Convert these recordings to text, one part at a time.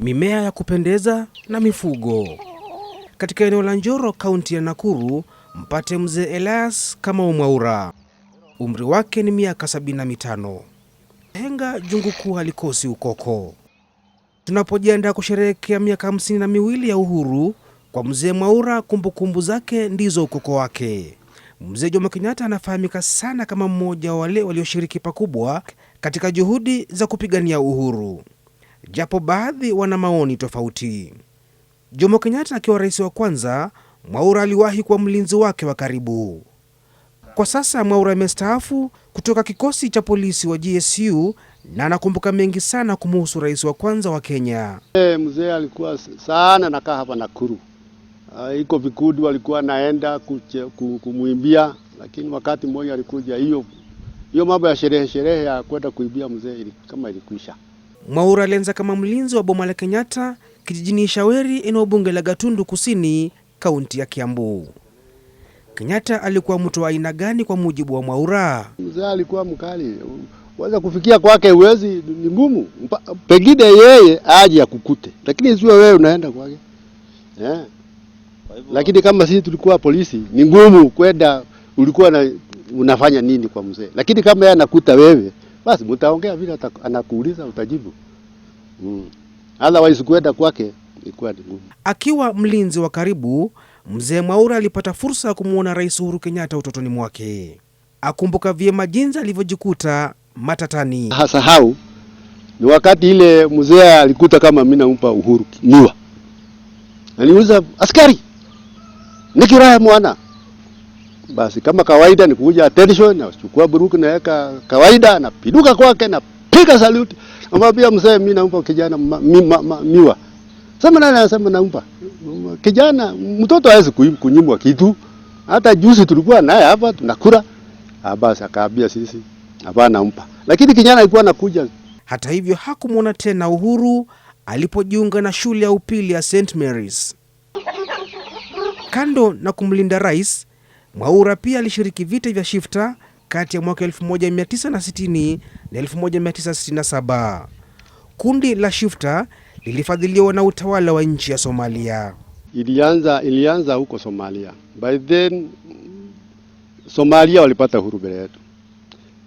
mimea ya kupendeza na mifugo. Katika eneo la Njoro, kaunti ya Nakuru, mpate mzee Elias Kamau Mwaura, umri wake ni miaka sabini na mitano. Henga jungu kuu halikosi ukoko. Tunapojiandaa kusherehekea miaka hamsini na miwili ya uhuru kwa mzee Mwaura, kumbukumbu zake ndizo ukoko wake. Mzee Jomo Kenyatta anafahamika sana kama mmoja wa wale walioshiriki pakubwa katika juhudi za kupigania uhuru japo baadhi wana maoni tofauti. Jomo Kenyatta akiwa rais wa kwanza, Mwaura aliwahi kuwa mlinzi wake wa karibu. Kwa sasa Mwaura amestaafu kutoka kikosi cha polisi wa GSU na anakumbuka mengi sana kumuhusu rais wa kwanza wa Kenya. Hey, mzee alikuwa sana nakaa hapa Nakuru. Uh, iko vikundi walikuwa naenda kumwimbia, lakini wakati mmoja alikuja hiyo hiyo mambo ya sherehe sherehe ya kwenda kuibia mzee ili, kama ilikuisha. Mwaura alianza kama mlinzi wa boma la Kenyatta kijijini Shaweri, eneo bunge la Gatundu Kusini, kaunti ya Kiambu. Kenyatta alikuwa mtu wa aina gani? Kwa mujibu wa Mwaura, mzee alikuwa mkali, waweza kufikia kwake uwezi, ni ngumu, pengine yeye aje akukute, lakini sio wewe unaenda kwake yeah. Lakini kama sisi tulikuwa polisi, ni ngumu kwenda, ulikuwa na, unafanya nini kwa mzee, lakini kama yeye anakuta wewe basi mtaongea vile anakuuliza utajibu. Mm. Otherwise kuenda kwake ilikuwa ni ngumu. Akiwa mlinzi wa karibu, mzee Mwaura alipata fursa ya kumwona Rais Uhuru Kenyatta utotoni mwake. Akumbuka vyema jinsi alivyojikuta matatani. Hasahau ni wakati ile mzee alikuta kama mimi nampa Uhuru nyiwa, aliuza askari, nikiraha mwana basi kama kawaida ni kuja attention, nachukua buruku naweka kawaida, napiduka kwake, napiga saluti, namwambia mzee, mimi nampa kijana mi, miwa. Sema nani anasema nampa kijana? Mtoto hawezi kunyimwa kitu. Hata juzi tulikuwa naye hapa tunakula, ah, basi akaambia sisi hapana, nampa, lakini kijana alikuwa anakuja. Hata hivyo hakumwona tena Uhuru alipojiunga na shule ya upili ya St Mary's. Kando na kumlinda rais Mwaura pia alishiriki vita vya Shifta kati ya mwaka 1960 na 1967. Kundi la Shifta lilifadhiliwa na utawala wa nchi ya Somalia. Ilianza, ilianza huko Somalia. By then Somalia walipata uhuru mbele yetu,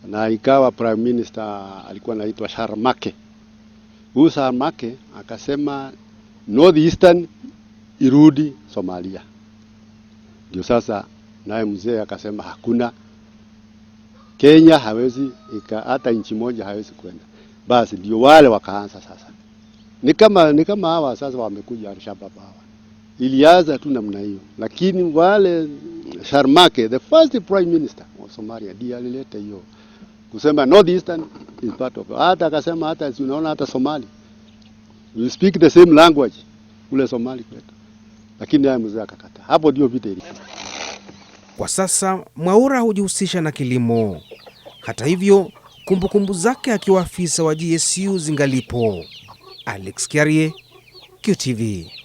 na ikawa prime minister alikuwa anaitwa Sharmake. Huyu Sharmake akasema Eastern irudi Somalia, ndio sasa naye mzee akasema hakuna, Kenya hawezi ika, hata nchi moja hawezi kwenda. Basi ndio wale wakaanza sasa, ni kama ni kama hawa sasa wamekuja Al-Shabaab hawa. Ilianza tu namna hiyo, lakini wale Sharmake, the first prime minister wa Somalia, ndiye alileta hiyo kusema north eastern is part of hata akasema hata unaona hata Somali we speak the same language ule Somali kwetu, lakini haya mzee akakata. Hapo ndio vita ilikuwa. Kwa sasa Mwaura hujihusisha na kilimo. Hata hivyo, kumbukumbu zake akiwa afisa wa GSU zingalipo. Alex Kiarie, QTV.